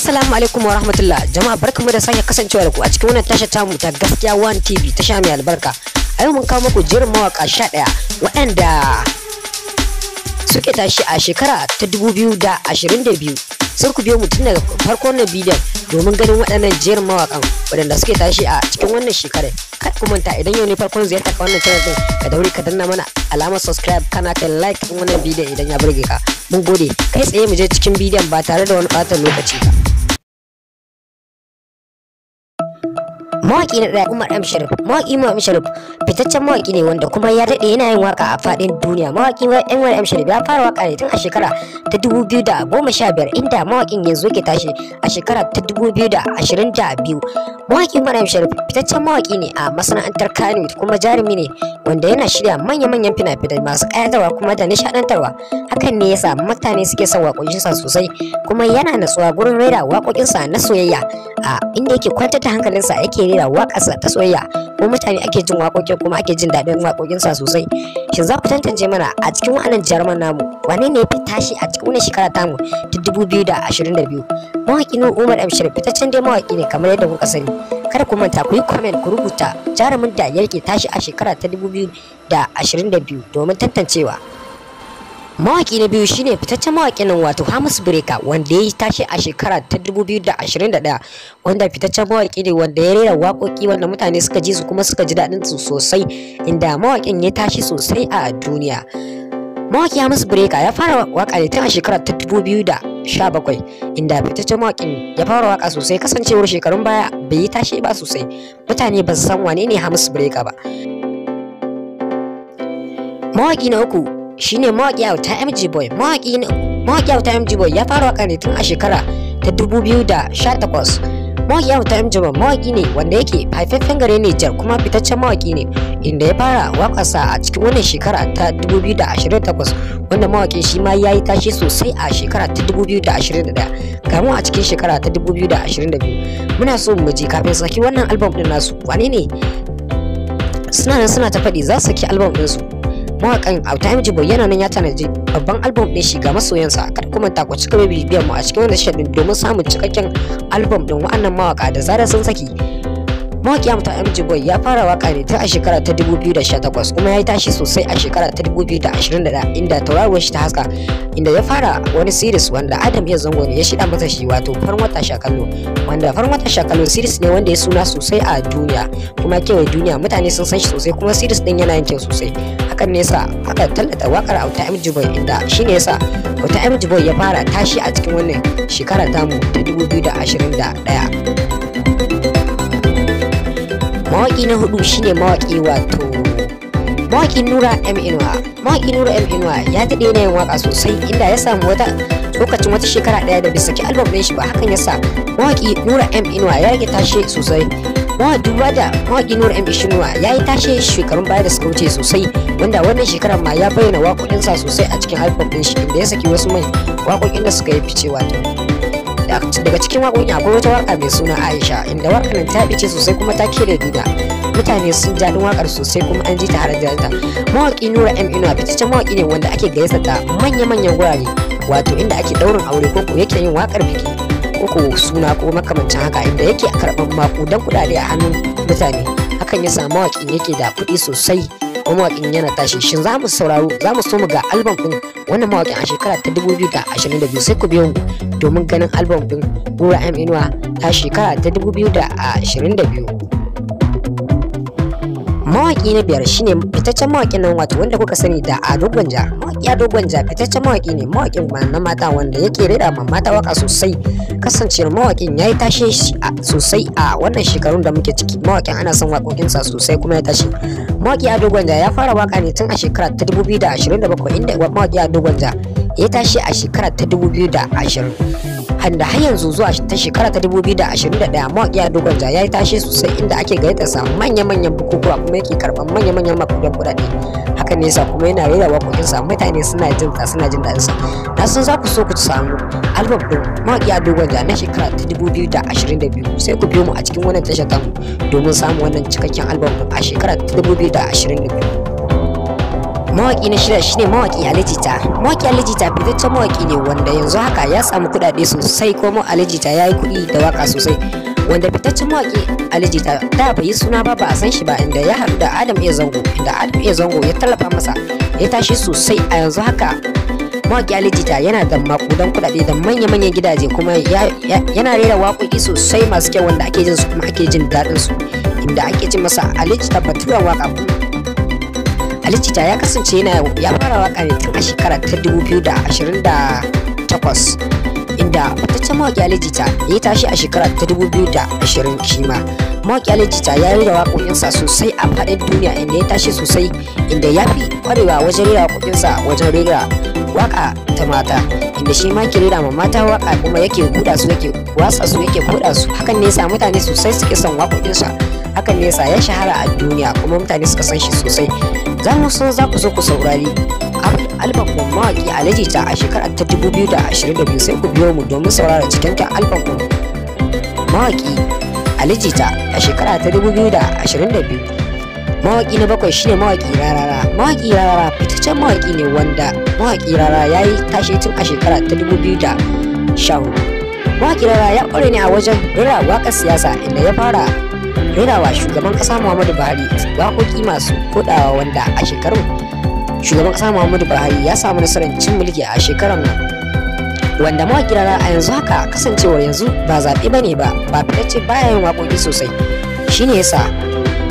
Assalamu alaikum wa rahmatullah jama'a barkamu da sake kasancewa da ku a cikin wannan tashar tamu ta gaskiya one TV sha mai albarka a yau mun kawo muku jerin mawaka 11 waɗanda suke tashi a shekara ta 2022 sai ku biyo mu tun daga farkon na bidiyon domin ganin waɗannan jerin mawakan waɗanda suke tashi a cikin wannan shekarar kar ku manta idan yau ne farkon ziyarta ka wannan channel din ka dauri ka danna mana alamar subscribe kana kan like wannan bidiyon idan ya burge ka mun gode kai tsaye mu je cikin bidiyon ba tare da wani ɓata lokaci ba mawaki na ɗaya Umar M Sharif mawaki Umar M fitaccen mawaki ne wanda kuma ya dade yana yin waka a faɗin duniya mawaki Umar M Sharif ya fara waka ne tun a shekara ta 2015 inda mawakin yanzu ke tashi a shekara ta 2022 mawaki Umar M fitaccen mawaki ne a masana'antar Kano kuma jarumi ne wanda yana shirya manya-manyan fina-finai masu ƙayatarwa kuma da nishaɗantarwa hakan ne yasa mutane suke son waƙoƙinsa sosai kuma yana natsuwa gurin raira waƙoƙinsa na soyayya a inda yake kwantar da hankalinsa yake rera soyayya waƙarsa ta soyayya ko mutane ake jin waƙoƙin kuma ake jin daɗin waƙoƙinsa sosai shin za ku tantance mana a cikin wannan jaruman namu wane ne fi tashi a cikin wannan shekara tamu ta 2022 mawaƙi ne umar amshir fitaccen dai mawaƙi ne kamar yadda kuka sani kada ku manta ku yi comment ku rubuta jarumin da ya tashi a shekara ta 2022 domin tantancewa Mawaki na biyu shine fitaccen mawaki nan wato hamas Breka wanda ya tashi a shekara ta 2021 wanda fitaccen mawaki ne wanda ya rera waƙoƙi wanda mutane suka ji su kuma suka ji daɗin su sosai inda mawaƙin ya tashi sosai a duniya. Mawaki hamas Breka ya fara waƙa ne tun a shekara ta 2017 inda fitaccen mawaƙin ya fara waƙa sosai kasancewar shekarun baya bai yi tashi ba sosai mutane ba su san wane ne Hamus Breka ba. Mawaki na uku shine mawaƙi auta MG Boy. Mawaƙi mawaƙi auta MG Boy ya fara waƙa ne tun a shekara ta 2018. Mawaƙi auta MG Boy mawaƙi ne wanda yake haifaffen gare ne jar kuma fitaccen mawaƙi ne inda ya fara waƙasa a cikin wannan shekara ta 2028 wanda mawaƙin shi ma ya yi tashi sosai a shekara ta 2021 kamu a cikin shekara ta 2022 muna so mu ji kafin saki wannan album din nasu wane ne suna nan suna ta faɗi za su saki album ɗinsu mawakan Uptime Jibo yana nan ya tanaji babban album ɗin shi ga masoyansa kada kuma ta ku cika bibiyan mu a cikin wannan shirin domin samun cikakken album ɗin wa'annan mawaka da zarar sun saki mawaƙi ta MJ Boy ya fara waka ne tun a shekara ta 2018 kuma ya yi tashi sosai a shekara ta 2021 inda tauraruwar shi ta haska inda ya fara wani series wanda Adam ya zango ne ya shida masa shi wato farin wata shakalo wanda farin wata shakalo series ne wanda ya suna sosai a duniya kuma kewa duniya mutane sun san shi sosai kuma series din yana yin kyau sosai hakan ne yasa aka tallata wakar auta MJ Boy inda shine yasa wata MJ Boy ya fara tashi a cikin wannan shekara tamu ta 2021 mawaƙi na hudu shine mawaƙi wato mawaƙi nura m inuwa mawaƙi nura m inuwa ya daɗe na yin waƙa sosai inda ya samu wata lokacin wata shekara ɗaya da bai saki album ɗin shi ba hakan ya sa mawaƙi nura m inuwa ya rage tashe sosai duba da mawaƙi nura m inuwa ya yi tashe shekarun baya da suka wuce sosai wanda wannan shekarar ma ya bayyana waƙoƙinsa sosai a cikin album ɗin shi inda ya saki wasu mai waƙoƙin da suka yi fice wato daga cikin waƙoƙin akwai wata waƙa mai suna aisha inda waƙar nan ta bice sosai kuma ta kere duniya mutane sun ji daɗin waƙar sosai kuma an ji ta har da mawaƙi nura m inuwa fitaccen mawaƙi ne wanda ake gaisa ta manya-manyan gurare wato inda ake ɗaurin aure ko ko yake yin waƙar biki ko suna ko makamancin haka inda yake karɓar don kuɗaɗe a hannun mutane hakan ya sa mawaƙin yake da kuɗi sosai kuma mawaƙin yana tashi shin za mu sauraro za mu so mu ga album ɗin wannan mawaƙin a shekara ta 2022 sai ku biyo mu domin ganin album ɗin Bura Aminuwa Inuwa ta shekara ta 2022. mawaki na biyar shine fitaccen mawakin nan wato wanda kuka sani da Ado Gwanja mawaki Ado Gwanja fitaccen mawaki ne mawakin na mata wanda yake rida ma mata waka sosai kasancewar mawakin yayi tashe sosai a wannan shekarun da muke ciki mawakin ana son waƙoƙinsa sosai kuma ya tashi mawaki Ado Gwanja ya fara waka ne tun a shekara ta 2027 inda mawaki Ado Gwanja ya tashe a shekara ta 2020 handa har yanzu zuwa ta shekara ta 2021 mawaƙiya dogon ja ya yi tashe sosai inda ake gayyata sa manya-manyan bukukuwa kuma yake karɓar manya-manyan makudan kuɗaɗe haka ne yasa kuma yana rera waƙoƙin sa mutane suna jin ta suna jin daɗin sa na san za ku so ku samu album din mawaƙiya dogon ja na shekara ta 2022 sai ku biyo mu a cikin wannan tashar tamu domin samun wannan cikakken album a shekara ta 2022 Mawaƙi na shida shine mawaƙi Alijita. Mawaƙi Alijita fitaccen mawaƙi ne wanda yanzu haka ya samu kuɗaɗe sosai kuma Alijita ya yi kuɗi da waka sosai. Wanda fitaccen mawaƙi Alijita da bai yi suna ba ba a san shi ba inda ya haɗu da Adam iya Zango inda Adam iya Zango ya tallafa masa ya tashi sosai a yanzu haka mawaƙi Alijita yana da makudan kuɗaɗe da manya-manyan gidaje kuma yana rera waƙoƙi sosai masu kyau wanda ake jin su kuma ake jin daɗin su inda ake jin masa Alijita baturen waƙa kuma Halicita ya kasance yana ya fara waka ne tun a shekara ta 2028 inda fitaccen mawaƙi Halicita ya tashi a shekara ta 2020 shima. Mawaƙi Halicita ya rera waƙoƙinsa sosai a faɗin duniya inda ya tashi sosai inda ya fi ƙwarewa wajen rera waƙoƙinsa wajen rera waƙa ta mata inda shi ma ke rera ma mata waƙa kuma yake buɗa su yake watsa su yake buɗa su hakan ne yasa mutane sosai suke son waƙoƙinsa hakan ne yasa ya shahara a duniya kuma mutane suka san shi sosai za mu so za ku so ku saurari albam ɗin mawaƙi Alhaji ta a shekarar ta 2022 sai ku biyo mu domin saurara cikakken albam ɗin mawaƙi Alhaji ta a shekara ta 2022 mawaƙi na bakwai shine mawaƙi rarara mawaƙi rarara fitaccen mawaƙi ne wanda mawaƙi rarara ya yi tashe tun a shekara ta 2014 mawaƙi rarara ya ƙware ne a wajen rera waƙar siyasa inda ya fara rerawa shugaban kasa muhammadu buhari waƙoƙi masu kodawa wanda a shekarun shugaban kasa muhammadu buhari ya samu nasarar cin mulki a shekarar nan wanda mawakilana a yanzu haka kasancewar yanzu ba zaɓe ba ne ba ba fitacce baya yin waƙoƙi sosai shi ne yasa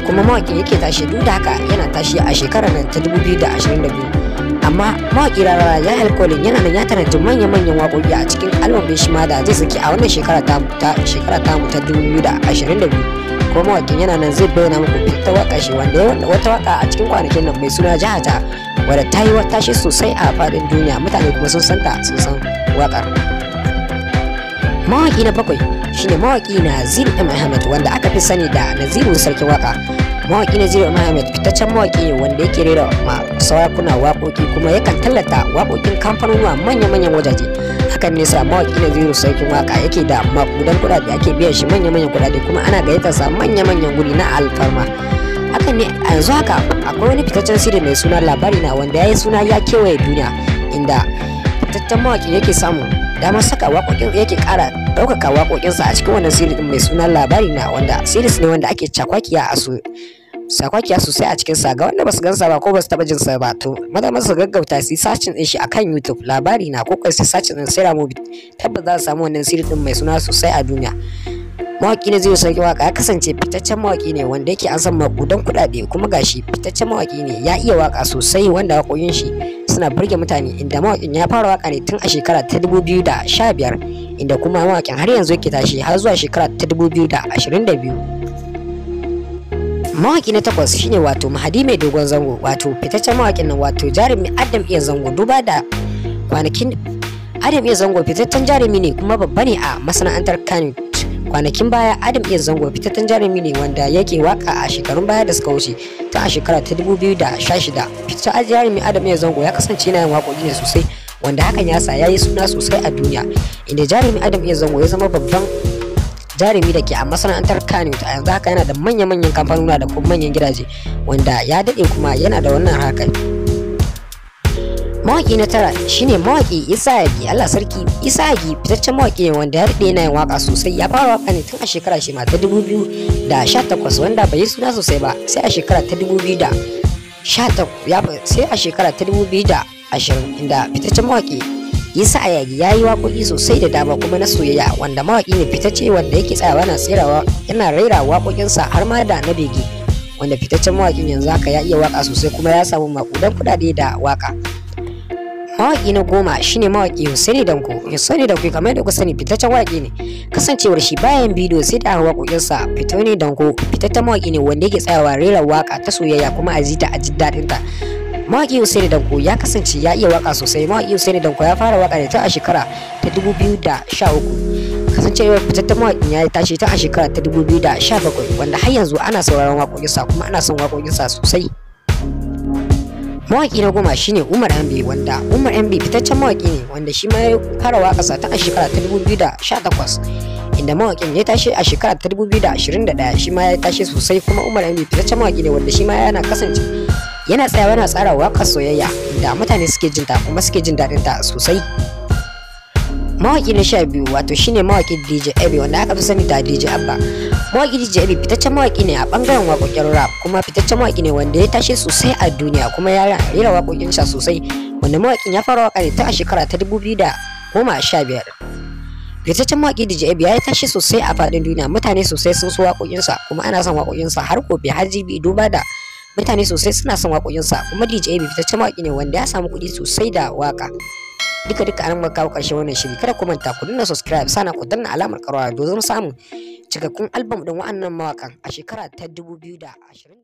kuma mawaƙin yake tashi duk da haka yana tashi a shekarar nan ta 2022 amma mawaƙi rarara ya alkolin yana nan ya tanadi manya-manyan waƙoƙi a cikin album shi ma da zai saki a wannan shekara tamu ta shekara mu ta 2022 ko mawakin yana nan zai bayyana muku ita waka shi wanda ya wata waka a cikin kwanakin nan mai suna jahata wadda ta yi wata shi sosai a faɗin duniya mutane kuma sun santa sun san wakar mawaki na bakwai shine mawaki Nazir M Ahmed wanda aka fi sani da Naziru sarki waka mawaki Nazir M Ahmed fitaccen mawaki ne wanda yake rera ma kuna waƙoƙi kuma yakan tallata waƙoƙin kamfanonuwa manya-manyan wajaje hakan ne sa mawaki na zero sarkin waka yake da makudan kudade ake biyan shi manya-manyan kudade, kuma ana gayyata sa manya-manyan guri na alfarma hakan ne a yanzu haka akwai wani fitaccen sirri mai suna labari na wanda yayi suna ya kewaye duniya inda fitaccen mawaki yake samu damar saka waƙoƙin yake ƙara ɗaukaka waƙoƙinsa a cikin wannan sirri mai suna labari na wanda siris ne wanda ake cakwakiya a su sakwakiya sosai a cikin sa ga wanda basu gansa ba ko basu taba jin sa ba to maza masu gaggauta su sacin din shi akan YouTube labari na ko kai su sacin din Sera Movie tabbas za su samu wannan sirri din mai suna sosai a duniya mawaki ne zai sauki waka ya kasance fitaccen mawaki ne wanda yake an san makudan kuɗaɗe kuma gashi fitaccen mawaki ne ya iya waka sosai wanda waƙoƙin shi suna burge mutane inda mawakin ya fara waka ne tun a shekara ta 2015 inda kuma mawakin har yanzu yake tashi har zuwa shekara ta 2022 mawaki na takwas shine wato mahadi mai dogon zango wato fitaccen mawakin nan wato jarumi adam iya zango duba da kwanakin adam iya zango fitaccen jarumi ne kuma babba ne a masana'antar kano kwanakin baya adam iya zango fitaccen jarumi ne wanda yake waka a shekarun baya da suka wuce ta a shekara ta 2016 fitaccen jarumi adam iya zango ya kasance yana yin waƙoƙi ne sosai wanda hakan ya sa ya yi suna sosai a duniya inda jarumi adam iya zango ya zama babban jarumi da ke a masana'antar kano ta yanzu haka yana da manya-manyan kamfanuna da kuma manyan gidaje wanda ya daɗe kuma yana da wannan haka Mawaki na tara shine mawaki Isa Yagi Allah Sarki Isa Yagi fitaccen mawaki ne wanda ya daɗe yana yin waka sosai ya fara waka ne tun a shekara shi ma ta takwas wanda bai yi suna sosai ba sai a shekara ta takwas sai a shekara ta ashirin inda fitaccen mawaki Isa Ayagi ya yi waƙoƙi sosai da dama kuma na soyayya wanda mawaƙi ne fitacce wanda yake tsayawa na tserawa yana raira waƙoƙinsa har ma da na bege wanda fitaccen mawaƙin yanzu haka ya iya waƙa sosai kuma ya samu maƙudan kuɗaɗe da waƙa. Mawaƙi na goma shine mawaƙi Hussaini Danko. Hussaini Danko kamar yadda ku sani fitaccen waƙi ne. Kasancewar shi bayan bidiyo sai da aka waƙoƙinsa Fitoni Danko fitaccen mawaƙi ne wanda yake tsayawa rera waƙa ta soyayya kuma a ji ta a ji daɗinta. mawaƙi Usaini Danko ya kasance ya iya waka sosai mawaƙi Usaini Danko ya fara waka ne ta a shekara ta 2013 kasancewar ta mawaƙin ya tashi ta a shekara ta 2017 wanda har yanzu ana sauraron waƙoƙinsa kuma ana son waƙoƙinsa sosai mawaƙi na goma shine Umar Ambe wanda Umar Ambe fitaccen mawaƙi ne wanda shi ma ya fara sa ta a shekara ta 2018 inda mawaƙin ya tashi a shekara ta 2021 shi ma ya tashi sosai kuma Umar Ambe fitaccen mawaƙi ne wanda shi ma yana kasance yana tsayawa yana tsara waƙar soyayya da mutane suke jin ta kuma suke jin daɗin ta sosai mawaƙi na sha biyu wato shine mawaƙi DJ Abi wanda aka fi sani da DJ Abba mawaƙi DJ Abi fitaccen mawaƙi ne a bangaren waƙoƙin rap kuma fitaccen mawaƙi ne wanda ya tashi sosai a duniya kuma ya rera waƙoƙin sa sosai wanda mawaƙin ya fara waƙa ne ta a shekara ta 2015 fitaccen mawaƙi DJ Abi ya tashi sosai a faɗin duniya mutane sosai sun so waƙoƙinsa kuma ana son waƙoƙinsa har gobe har jibi duba da mutane sosai suna son waƙoƙinsa kuma DJ Abi fitaccen mawaƙi ne wanda ya samu kuɗi sosai da waƙa duka duka an maka kawo ƙarshen wannan shiri kada ku manta ku dinna subscribe sana ku danna alamar ƙarawa don samun cikakkun album din wa'annan mawaƙan a shekara ta 2020